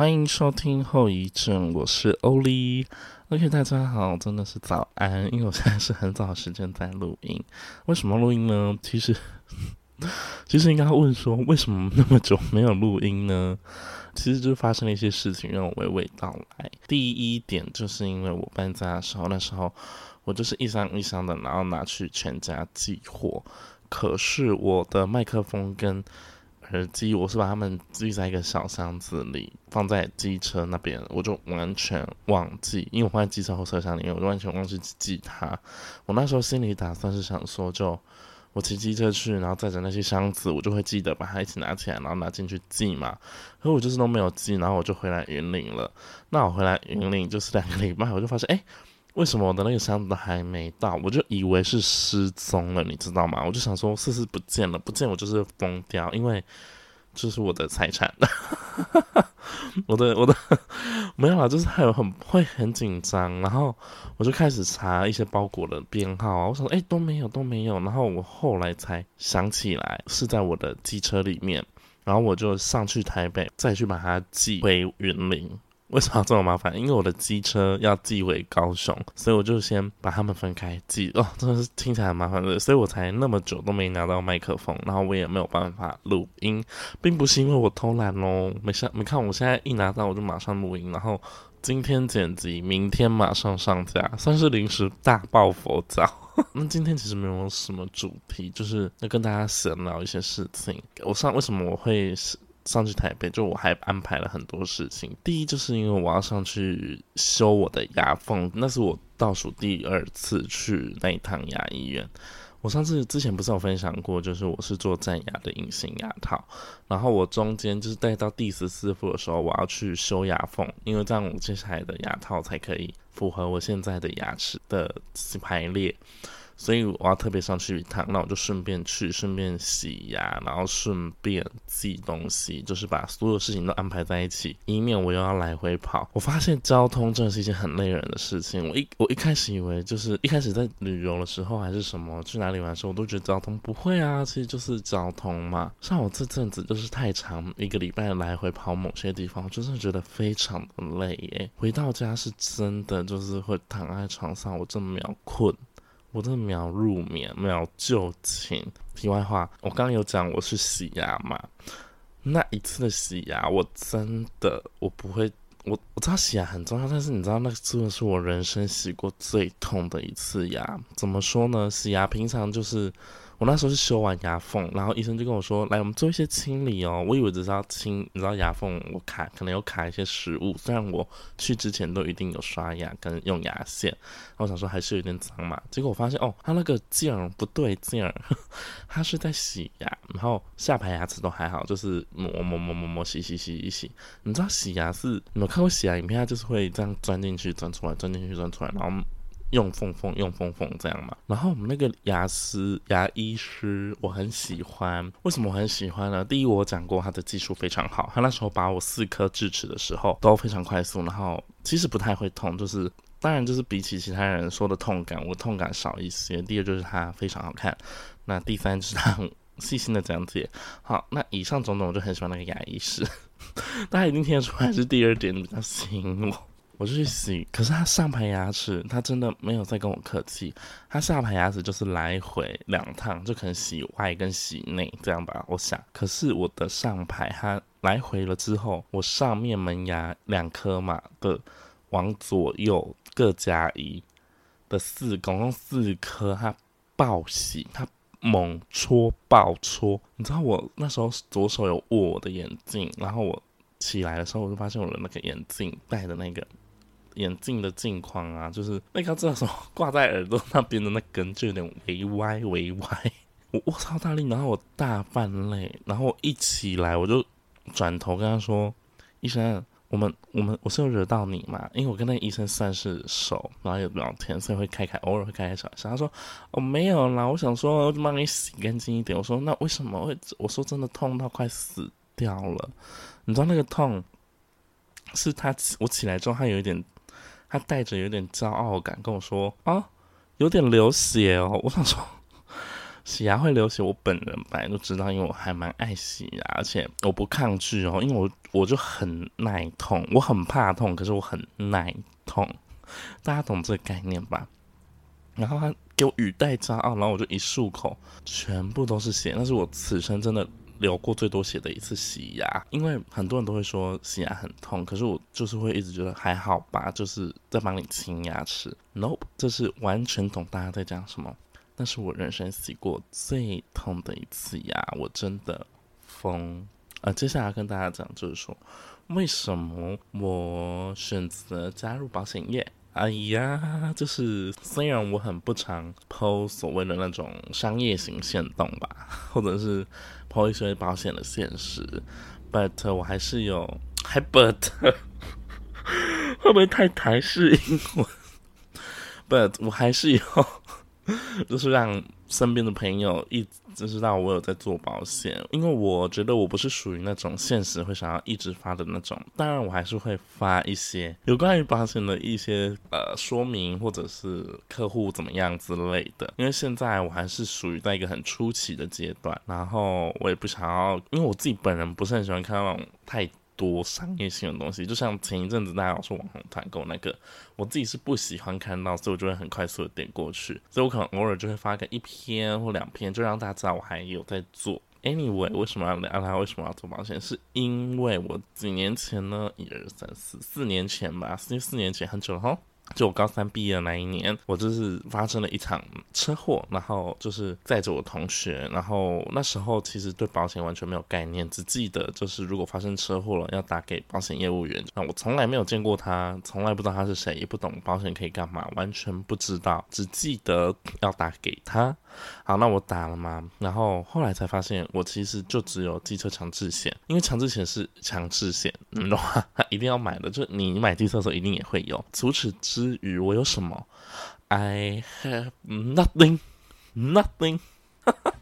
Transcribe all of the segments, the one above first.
歡迎收聽後遺症，我是歐麗。OK，大家好，真的是早安，因為我現在是很早的時間在錄音。為什麼錄音呢？其實，其實應該問說為什麼那麼久沒有錄音呢？其實就發生了一些事情讓我娓娓道來。第一點就是因為我搬家的時候，那時候我就是一箱一箱的，然後拿去全家寄貨。可是我的麥克風跟耳機我是把它們寄在一個小箱子裡，放在機車那邊，我就完全忘記，因為我放在機車後車廂裡面，我就完全忘記寄它。我那時候心裡打算是想說就，就我騎機車去，然後載着那些箱子，我就會記得把它一起拿起來，然後拿進去寄嘛。可我就是都沒有寄，然後我就回來雲林了。那我回來雲林就是兩個禮拜，我就發現，誒、欸。為什麼我的那個箱子還沒到？我就以為是失蹤了，你知道嗎？我就想說，是不是不見了？不見我就是瘋掉，因為這是我的財產 我的。我的我的沒有啦，就是還有很會很緊張，然後我就開始查一些包裹的編號啊。我想說，哎、欸，都沒有都沒有。然後我後來才想起來是在我的機車裡面，然後我就上去台北，再去把它寄回雲林。為什麼要這麼麻煩？因為我的機車要寄回高雄，所以我就先把他們分開寄哦，真的是聽起來很麻煩的，所以我才那麼久都沒拿到麥克風，然後我也沒有辦法錄音，並不是因為我偷懶哦。沒事，你看我現在一拿到我就馬上錄音，然後今天剪輯，明天馬上上架，算是臨時大抱佛腳。 那今天其實沒有什麼主題，就是要跟大家閒聊一些事情。我上為什麼我會上去台北，就我還安排了很多事情。第一，就是因為我要上去修我的牙縫，那是我倒數第二次去那一趟牙醫院。我上次之前不是有分享過，就是我是做正牙的隱形牙套，然後我中間就是戴到第十四副的時候，我要去修牙縫，因為這樣我接下來的牙套才可以符合我現在的牙齒的排列。所以我要特別上去一趟，那我就順便去，順便洗牙、啊，然後順便寄東西，就是把所有事情都安排在一起，以免我又要來回跑。我發現交通真的是一件很累人的事情。我一我一開始以為就是一開始在旅遊的時候還是什麼去哪裡玩的時候，我都覺得交通不會啊，其實就是交通嘛。像我這陣子就是太常，一個禮拜來回跑某些地方，我就真的覺得非常的累耶、欸。回到家是真的就是會躺在床上，我真的沒有困。我都秒入眠，秒就寢。題外話，我剛剛有講我是洗牙嘛？那一次的洗牙，我真的我不會，我我知道洗牙很重要，但是你知道那次是我人生洗過最痛的一次牙。怎麼說呢？洗牙平常就是。我那時候是修完牙縫，然後醫生就跟我說：“來，我們做一些清理哦。”我以為只是要清，你知道牙縫我卡可能有卡一些食物。雖然我去之前都一定有刷牙跟用牙線，然後我想說還是有點髒嘛。結果我發現哦，它那個勁兒不對勁兒，它是在洗牙。然後下排牙齒都還好，就是磨磨磨磨磨、磨、磨，洗洗洗洗洗。你知道洗牙是，你們看過洗牙影片，它就是會這樣鑽進去、鑽出來、鑽進去、鑽出來，然後。用縫縫用縫縫這樣嘛，然後我們那個牙師牙醫師我很喜歡，為什麼我很喜歡呢？第一我講過他的技術非常好，他那時候拔我四顆智齒的時候都非常快速，然後其實不太會痛，就是當然就是比起其他人說的痛感，我痛感少一些。第二就是他非常好看，那第三就是他很細心的講解。好，那以上種種我就很喜歡那個牙醫師，大家一定聽得出來是第二點比較吸引我。我就去洗，可是他上排牙齒，他真的沒有再跟我客氣。他下排牙齒就是來回兩趟，就可能洗外跟洗內這樣吧。我想，可是我的上排，他來回了之後，我上面門牙兩顆嘛的，往左右各加一的四，總共四顆，他爆洗，他猛戳爆戳。你知道我那時候左手有握我的眼鏡，然後我起來的時候，我就發現我的那個眼鏡戴的那個。眼鏡的鏡框啊，就是那個這種掛在耳朵那邊的那根，就有點微歪，微歪。我我操大力，然後我大半淚，然後我一起來我就轉頭跟他說：“醫生，我們我們我是有惹到你嘛？因為我跟那個醫生算是熟，然後又聊天，所以會開開，偶爾會開開小聲。”他說：“哦，沒有啦。”我想說：“我就幫你洗乾淨一點。”我說：“那為什麼會？我說真的痛到快死掉了，你知道那個痛是他起我起來之後，他有一點。”他帶着有點驕傲感跟我說：“啊、哦，有點流血哦。”我想說，洗牙會流血，我本人本來就知道，因為我還蠻愛洗牙，而且我不抗拒哦，因為我我就很耐痛，我很怕痛，可是我很耐痛，大家懂這個概念吧？然後他給我語帶驕傲，然後我就一漱口，全部都是血，但是我此生真的。流過最多血的一次洗牙，因為很多人都會說洗牙很痛，可是我就是會一直覺得還好吧，就是在幫你清牙齒。Nope，這是完全懂大家在講什麼。那是我人生洗過最痛的一次牙，我真的瘋。啊，接下來跟大家講，就是說為什麼我選擇加入保險業。哎呀，uh, yeah, 就是雖然我很不常 po 所謂的那種商業型限動吧，或者是 po 一些保險的現實，but、uh, 我還是有。還 but 會不會太台式英文？but 我還是有， 就是讓。身邊的朋友一直知道我有在做保險，因為我覺得我不是屬於那種現實會想要一直發的那種，當然我還是會發一些有關於保險的一些呃說明或者是客戶怎麼樣之類的，因為現在我還是屬於在一個很初期的階段，然後我也不想要，因為我自己本人不是很喜歡看那種太。多商業性的東西，就像前一陣子大家老說網紅團購那個，我自己是不喜歡看到，所以我就會很快速的點過去。所以我可能偶爾就會發個一篇或兩篇，就讓大家知道我還有在做。Anyway，為什麼要聊他？為什麼要做保險？是因為我幾年前呢，一二三四四年前吧，四四年前很久了哈。就我高三畢業那一年，我就是發生了一場車禍，然後就是載着我同學，然後那時候其實對保險完全沒有概念，只記得就是如果發生車禍了要打給保險業務員，那我從來沒有見過他，從來不知道他是誰，也不懂保險可以幹嘛，完全不知道，只記得要打給他。好，那我打了嘛，然後後來才發現，我其實就只有機車強制險，因為強制險是強制險，你懂嗎？一定要買的，就你買機車的時候一定也會有。除此之外，我有什麼？I have nothing, nothing。哈哈，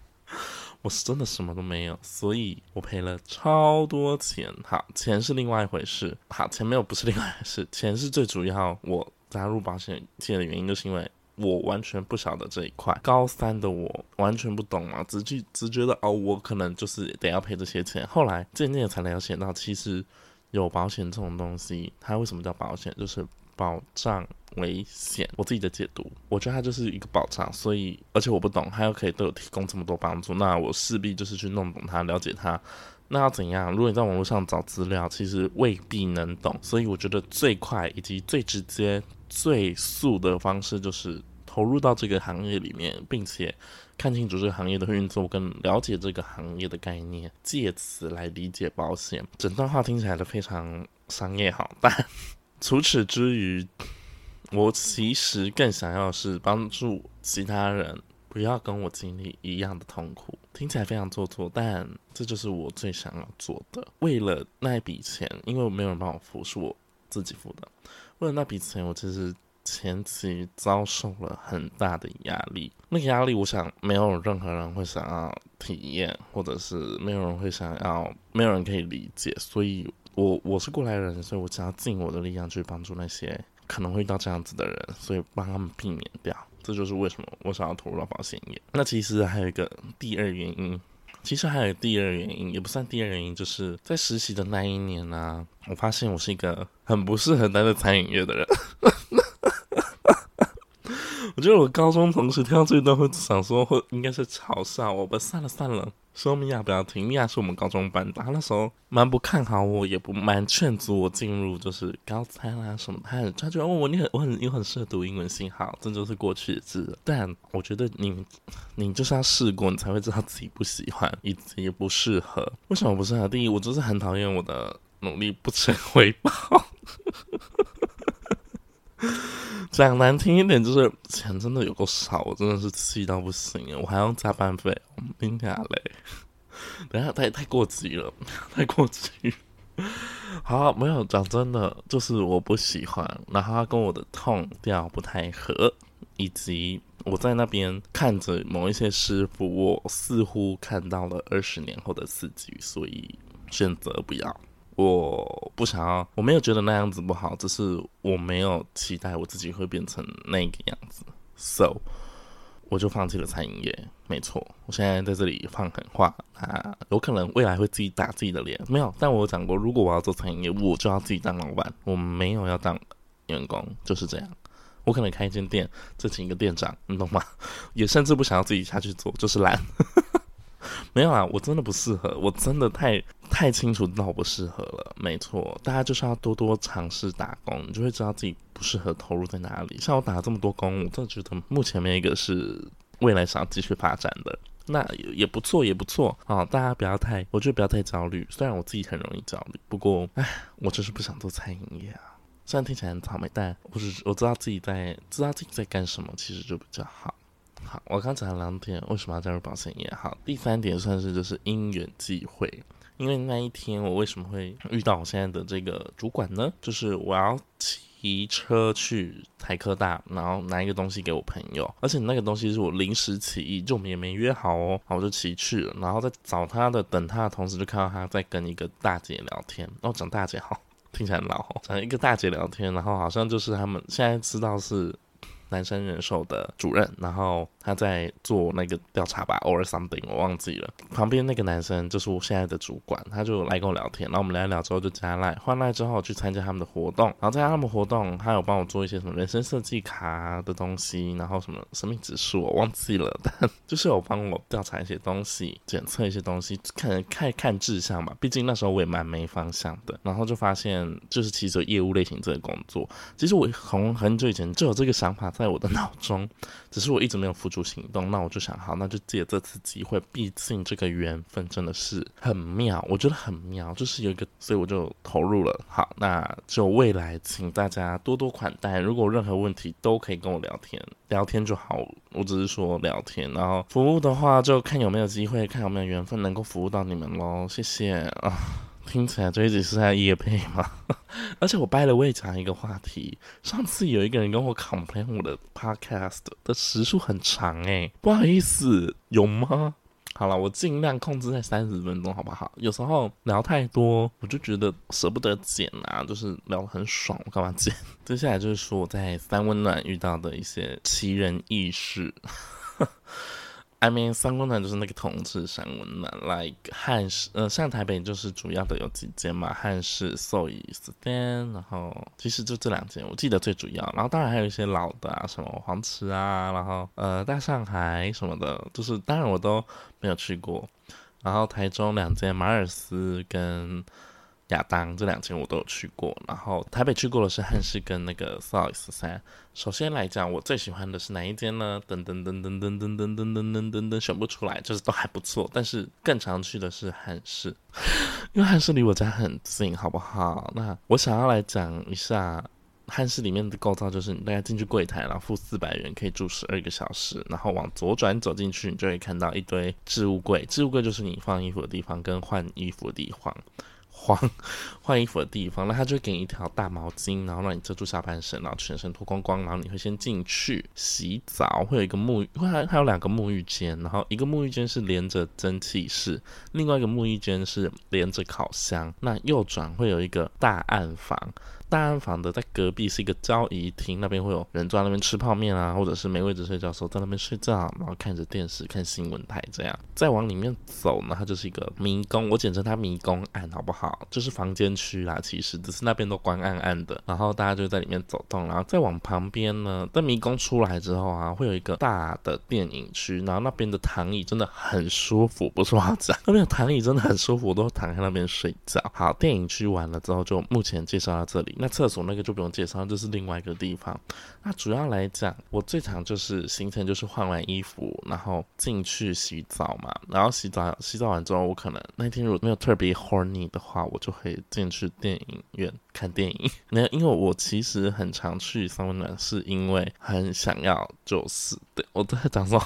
我是真的什麼都沒有，所以我賠了超多錢。好，錢是另外一回事。好，錢沒有不是另外一回事，錢是最主要。我加入保險界的原因就是因為。我完全不曉得這一塊，高三的我完全不懂嘛，只去只覺得哦，我可能就是得要賠這些錢。後來漸漸才了解到，其實有保險這種東西，它為什麼叫保險？就是保障危險。我自己的解讀，我覺得它就是一個保障。所以，而且我不懂，它又可以對我提供這麼多幫助，那我勢必就是去弄懂它、了解它。那要怎樣？如果你在網絡上找資料，其實未必能懂。所以，我覺得最快以及最直接、最速的方式就是。投入到這個行業裡面，並且看清楚這個行業的運作，跟了解這個行業的概念，借此來理解保險。整段話聽起來都非常商業好，但除此之餘，我其實更想要是幫助其他人不要跟我經歷一樣的痛苦。聽起來非常做作，但這就是我最想要做的。為了那筆錢，因為沒有人幫我付，是我自己付的。為了那筆錢，我其實。前期遭受了很大的壓力，那個壓力，我想沒有任何人會想要體驗，或者是沒有人會想要，沒有人可以理解。所以我，我我是過來人，所以我只要盡我的力量去幫助那些可能會遇到這樣子的人，所以幫他們避免掉。這就是為什麼我想要投入到保險業。那其實還有一個第二原因，其實還有第二原因，也不算第二原因，就是在實習的那一年呢、啊，我發現我是一個很不適合待在餐飲業的人。 我覺得我高中同學聽到這一段會想說，會應該是嘲笑我吧？算了算了，說米婭不要聽，米婭是我們高中班，然後那時候蠻不看好我，也不蠻勸阻我進入，就是高參啦、啊、什麼。他他覺得問、哦、我，你很我很你很適合讀英文系，這就是過去式。但我覺得你你就是要試過，你才會知道自己不喜歡以及不適合。為什麼不適合？第一，我就是很討厭我的努力不成回報。 講難聽一點，就是錢真的有夠少，我真的是氣到不行，我還要加班費，天來嘞！等下太太過激了，太過激。好，沒有講真的，就是我不喜歡，然後跟我的 tone 調不太合，以及我在那邊看着某一些師傅，我似乎看到了二十年後的自己，所以選擇不要。我不想要，我沒有覺得那樣子不好,只是我沒有期待我自己會變成那個樣子，so 我就放棄了餐飲業，沒錯。我現在在這裡放狠話啊，有可能未來會自己打自己的臉，沒有。但我有講過，如果我要做餐飲業，我就要自己當老闆，我沒有要當員工，就是這樣。我可能開一間店，就請一個店長，你懂嗎？也甚至不想要自己下去做，就是懶。 沒有啊，我真的不適合，我真的太。太清楚知道不適合了，沒錯，大家就是要多多嘗試打工，你就會知道自己不適合投入在哪裡。像我打了這麼多工，我真的覺得目前沒有一個是未來想要繼續發展的，那也，也不錯，也不錯啊、哦。大家不要太，我覺得不要太焦慮。雖然我自己很容易焦慮，不過唉，我就是不想做餐飲業啊。雖然聽起來很草莓，但我只我知道自己在知道自己在幹什麼，其實就比較好。好，我剛講了兩點，為什麼要加入保險業？好，第三點算是就是因緣際會。因為那一天我為什麼會遇到我現在的這個主管呢？就是我要騎車去台科大，然後拿一個東西給我朋友，而且那個東西是我臨時起意，就我們也沒約好哦。好，我就騎去了，然後在找他的，等他的同時就看到他在跟一個大姐聊天。哦，講大姐好，聽起來很老吼、哦，講一個大姐聊天，然後好像就是他們現在知道是。男生人壽的主任，然後他在做那個調查吧，or something，我忘記了。旁邊那個男生就是我現在的主管，他就來跟我聊天，然後我們聊一聊之後就加賴，換賴之後去參加他們的活動，然後在他們活動，他有幫我做一些什麼人生設計卡的東西，然後什麼生命指數我忘記了，但就是有幫我調查一些東西，檢測一些東西，看，看看志向嘛。畢竟那時候我也蠻沒方向的。然後就發現，就是其實有業務類型這個工作，其實我從很久以前就有這個想法。在我的腦中，只是我一直沒有付諸行動。那我就想，好，那就借這次機會，畢竟這個緣分真的是很妙，我覺得很妙，就是有一個，所以我就投入了。好，那就未來請大家多多款待。如果有任何問題，都可以跟我聊天，聊天就好。我只是說聊天，然後服務的話，就看有沒有機會，看有沒有緣分能夠服務到你們嘍。謝謝啊。聽起來，這一集是在業配嘛？ 而且我掰了，我也講一個話題。上次有一個人跟我 complain 我的 podcast 的時數很長。欸，哎，不好意思，有嗎？好了，我盡量控制在三十分鐘，好不好？有時候聊太多，我就覺得捨不得剪啊，就是聊的很爽，我幹嘛剪？ 接下來就是說我在三溫暖遇到的一些奇人異事。 I mean，三溫暖就是那個同志三溫暖，啊、l i k e 漢士。呃，像台北就是主要的有幾間嘛，漢士、s o y s n 然後其實就這兩間我記得最主要，然後當然還有一些老的啊，什麼黃池啊，然後呃大上海什麼的，就是當然我都沒有去過，然後台中兩間馬爾斯跟亞當這兩間我都有去過，然後台北去過的是漢士，跟那個四 S 三。首先來講，我最喜歡的是哪一間呢？噔噔噔噔噔噔噔噔噔噔噔，選不出來，就是都還不錯。但是更常去的是漢士，因為漢士離我家很近，好不好？那我想要來講一下漢士裡面的構造，就是大家進去櫃台，然後付四百元可以住十二個小時，然後往左轉走進去，你就會看到一堆置物櫃，置物櫃就是你放衣服的地方跟換衣服的地方。換換衣服的地方，那他就會給你一條大毛巾，然後讓你遮住下半身，然後全身脫光光，然後你會先進去洗澡，會有一個沐浴，會還還有兩個沐浴間，然後一個沐浴間是連着蒸汽室，另外一個沐浴間是連着烤箱。那右轉會有一個大暗房。單人房的，在隔壁是一個交誼廳，那邊會有人坐在那邊吃泡面啊，或者是沒位置睡覺的時候在那邊睡覺，然後看着電視，看新聞台這樣。再往裡面走呢，它就是一個迷宮，我簡稱它迷宮案好不好？就是房間區啦，其實只是那邊都光暗暗的，然後大家就在裡面走動。然後再往旁邊呢，在迷宮出來之後啊，會有一個大的電影區，然後那邊的躺椅真的很舒服，不是我講，那邊的躺椅真的很舒服，我都躺在那邊睡覺。好，電影區完了之後，就目前介紹到這裡。那廁所那個就不用介紹，這是另外一個地方。那主要來講，我最常就是行程就是換完衣服，然後進去洗澡嘛。然後洗澡，洗澡完之後，我可能那天如果沒有特別 horny 的話，我就會進去電影院看電影。 那因為我其實很常去三溫暖，是因為很想要就是，對，我都在講說。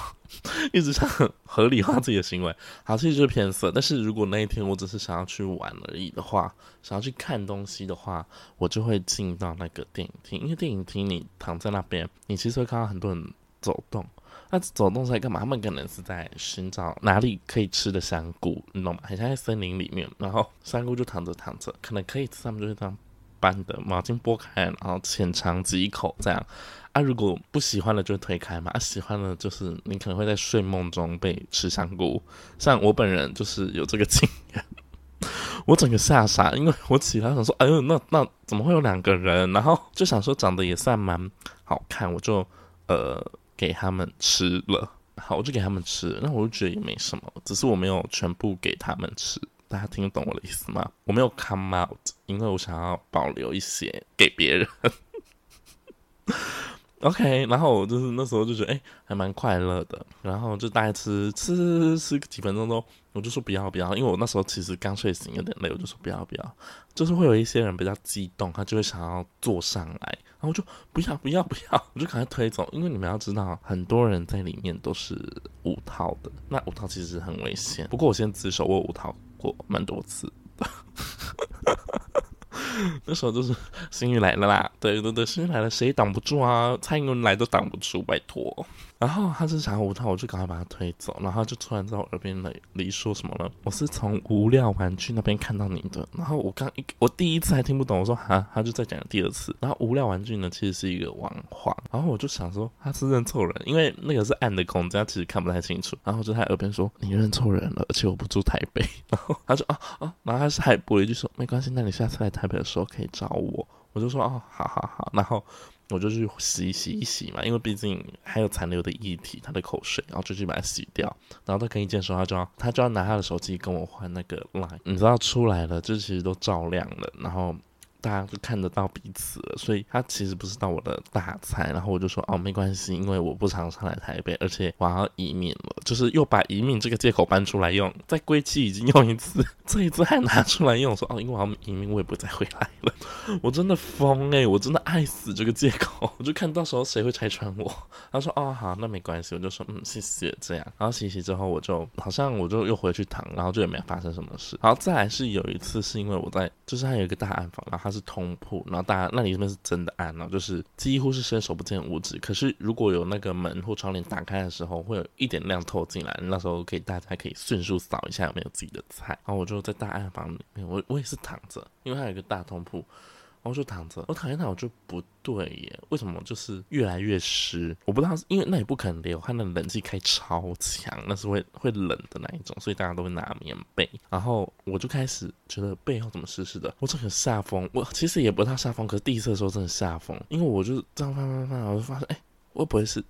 一直想合理化自己的行為，好，其實就是偏色。但是如果那一天我只是想要去玩而已的話，想要去看東西的話，我就會進到那個電影廳，因為電影廳你躺在那邊，你其實會看到很多人走動。那走動是在幹嘛？他們可能是在尋找哪裡可以吃的香菇，你懂嗎？很像在森林裡面，然後香菇就躺着躺着，可能可以吃，他們就會這樣。般的毛巾剝開，然後淺嘗幾口，這樣啊。如果不喜歡的就會推開嘛，啊，喜歡的就是你可能會在睡夢中被吃香菇。像我本人就是有這個經驗，我整個嚇傻，因為我起來想說，哎呦，那那怎麼會有兩個人？然後就想說長得也算蠻好看，我就呃給他們吃了。好，我就給他們吃，那我就覺得也沒什麼，只是我沒有全部給他們吃。大家聽懂我的意思嗎？我沒有 come out，因為我想要保留一些給別人。 OK，然後我就是那時候就覺得哎、欸，還蠻快樂的。然後就大家吃吃吃吃幾分鐘都，我就說不要不要，因為我那時候其實剛睡醒，有點累，我就說不要不要。就是會有一些人比較激動，他就會想要坐上來，然後我就不要不要不要，我就趕快推走。因為你們要知道，很多人在裡面都是無套的，那無套其實很危險。不過我先自首，我無套。哦，蠻多次。呵呵 那時候就是幸運來了啦，對對對，幸運來了誰擋不住啊？蔡英文來都擋不住，拜託。然後他是想要舞套，我就趕快把他推走。然後他就突然在我耳邊咧說什麼了？我是從無聊玩具那邊看到你的。然後我剛一，我第一次還聽不懂，我說啊，他就再講第二次。然後無聊玩具呢，其實是一個王皇。然後我就想說他是認錯人，因為那個是暗的空間，他其實看不太清楚。然後我就在他耳邊說你認錯人了，而且我不住台北。然後他說啊啊，然後他是還補了一句說沒關係，那你下次來台北的時候可以找我，我就說哦，好好好，然後我就去洗一洗一洗嘛，因為畢竟還有殘留的液體，他的口水，然後就去把它洗掉。然後他跟一見說，他就要他就要拿他的手機跟我換那個 Line，你知道出來了，就其實都照亮了，然後，大家就看得到彼此了，所以他其實不知道我的大餐，然後我就說哦，沒關係，因為我不常上來台北，而且我要移民了，就是又把移民這個借口搬出來用，在歸期已經用一次，這一次還拿出來用，說哦，因為我要移民，我也不再回來了，我真的瘋哎、欸，我真的愛死這個借口，我就看到時候誰會拆穿我。他說哦，好，那沒關係，我就說嗯，謝謝這樣，然後洗洗之後我就好像我就又回去躺，然後就也沒發生什麼事，然後再來是有一次是因為我在就是還有一個大暗房，然後。是通鋪，然後大家那裡那邊是真的暗喔，然後就是幾乎是伸手不見五指。可是如果有那個門或窗簾打開的時候，會有一點亮透進來，那時候可以大家可以迅速掃一下有沒有自己的菜。然後我就在大暗房裡面，我我也是躺着，因為它有一個大通鋪。然後就躺着，我躺下，躺我就不對耶？為什麼就是越來越濕？我不知道，因為那也不可能流汗，它那冷氣開超強，那是會會冷的那一種，所以大家都會拿棉被。然後我就開始覺得背後怎麼濕濕的？我這很下風，我其實也不知道下風，可是第一次的時候真的下風，因為我就這樣翻翻翻，我就發現，哎，我不會是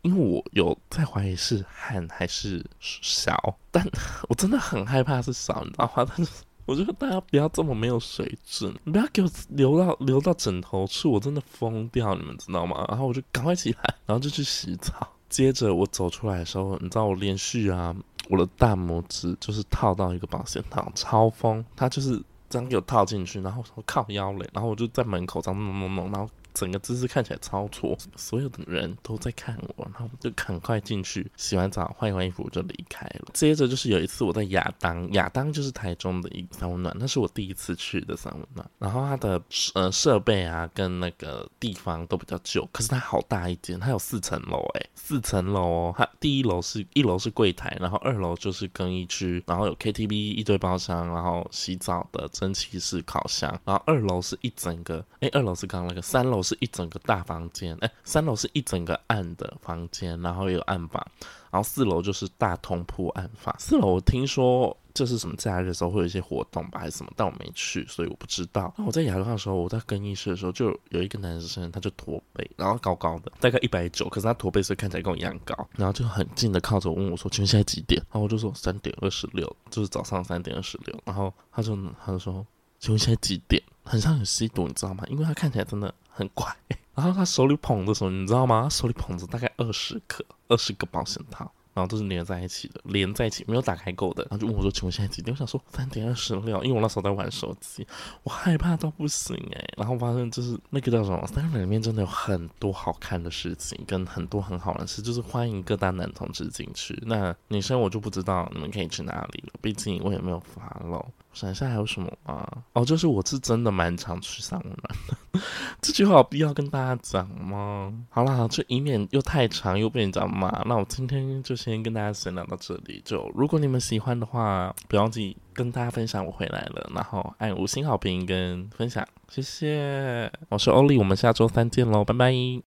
因為我有在懷疑是汗還是小，但我真的很害怕是小，你知道嗎？但是。我就說大家不要這麼沒有水準，你不要給我留到留到枕頭處，我真的瘋掉，你們知道嗎？然後我就趕快起來，然後就去洗澡。接着我走出來的時候，你知道我連續啊，我的大拇指就是套到一個保險套，超瘋，他就是這樣給我套進去，然後我靠腰嘞，然後我就在門口這樣弄弄弄，然後。整個姿勢看起來超錯，所有的人都在看我，然後我就趕快進去洗完澡換一換衣服就離開了。接着就是有一次我在亞當，亞當就是台中的一個三溫暖，那是我第一次去的三溫暖。然後它的呃設備啊跟那個地方都比較舊，可是它好大一間，它有四層樓、欸，哎，四層樓、哦。它第一樓是一樓是櫃台，然後二樓就是更衣區，然後有 KTV 一堆包廂，然後洗澡的蒸汽式烤箱，然後二樓是一整個，哎，二樓是剛剛那個，三樓。是一整個大房間，哎，三樓是一整個暗的房間，然後也有暗房，然後四樓就是大通鋪暗房。四樓我聽說就是什麼，假日的時候會有一些活動吧，還是什麼？但我沒去，所以我不知道。那我在雅鹿的時候，我在更衣室的時候，就有一個男生，他就駝背，然後高高的，大概一百九，可是他駝背，所以看起來跟我一樣高。然後就很近的靠着我，問我說：“請問現在幾點？”然後我就說：“三點二十六，就是早上三點二十六。”然後他就他就說：“請問現在幾點？”很像有吸毒，你知道嗎？因為他看起來真的很怪，欸。然後他手裡捧着什麼，你知道嗎？他手裡捧着大概二十顆、二十個保險套，然後都是連在一起的，連在一起沒有打開過的。然後就問我說：“請問現在幾點？”我想說三點二十六，因為我那時候在玩手機，我害怕到不行哎、欸。然後我發現就是那個叫什麼，三溫暖裡面真的有很多好看的事情，跟很多很好玩的事，就是歡迎各大男同志進去。那女生我就不知道你們可以去哪裡了，畢竟我也沒有發漏。剩下還有什麼嗎？哦，就是我是真的蠻常去三溫暖的， 這句話有必要跟大家講嗎？好了，好，以免又太長又被人家罵，那我今天就先跟大家閒聊到這裡。就如果你們喜歡的話，不要忘記跟大家分享我回來了，然後按五星好評跟分享，謝謝。我是歐麗，我們下周三見嘍，拜拜。一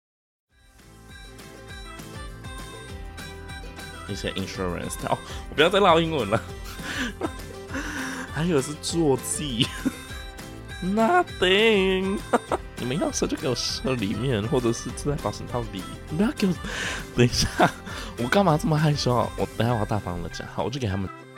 些 insurance，哦，我不要再落英文了。 還有是坐騎 ，nothing。 你們要射就給我射裡面，或者是自帶保險套裡。你不要給我，等一下，我幹嘛這麼害羞？我等一下我要大方的講，好，我就給他們。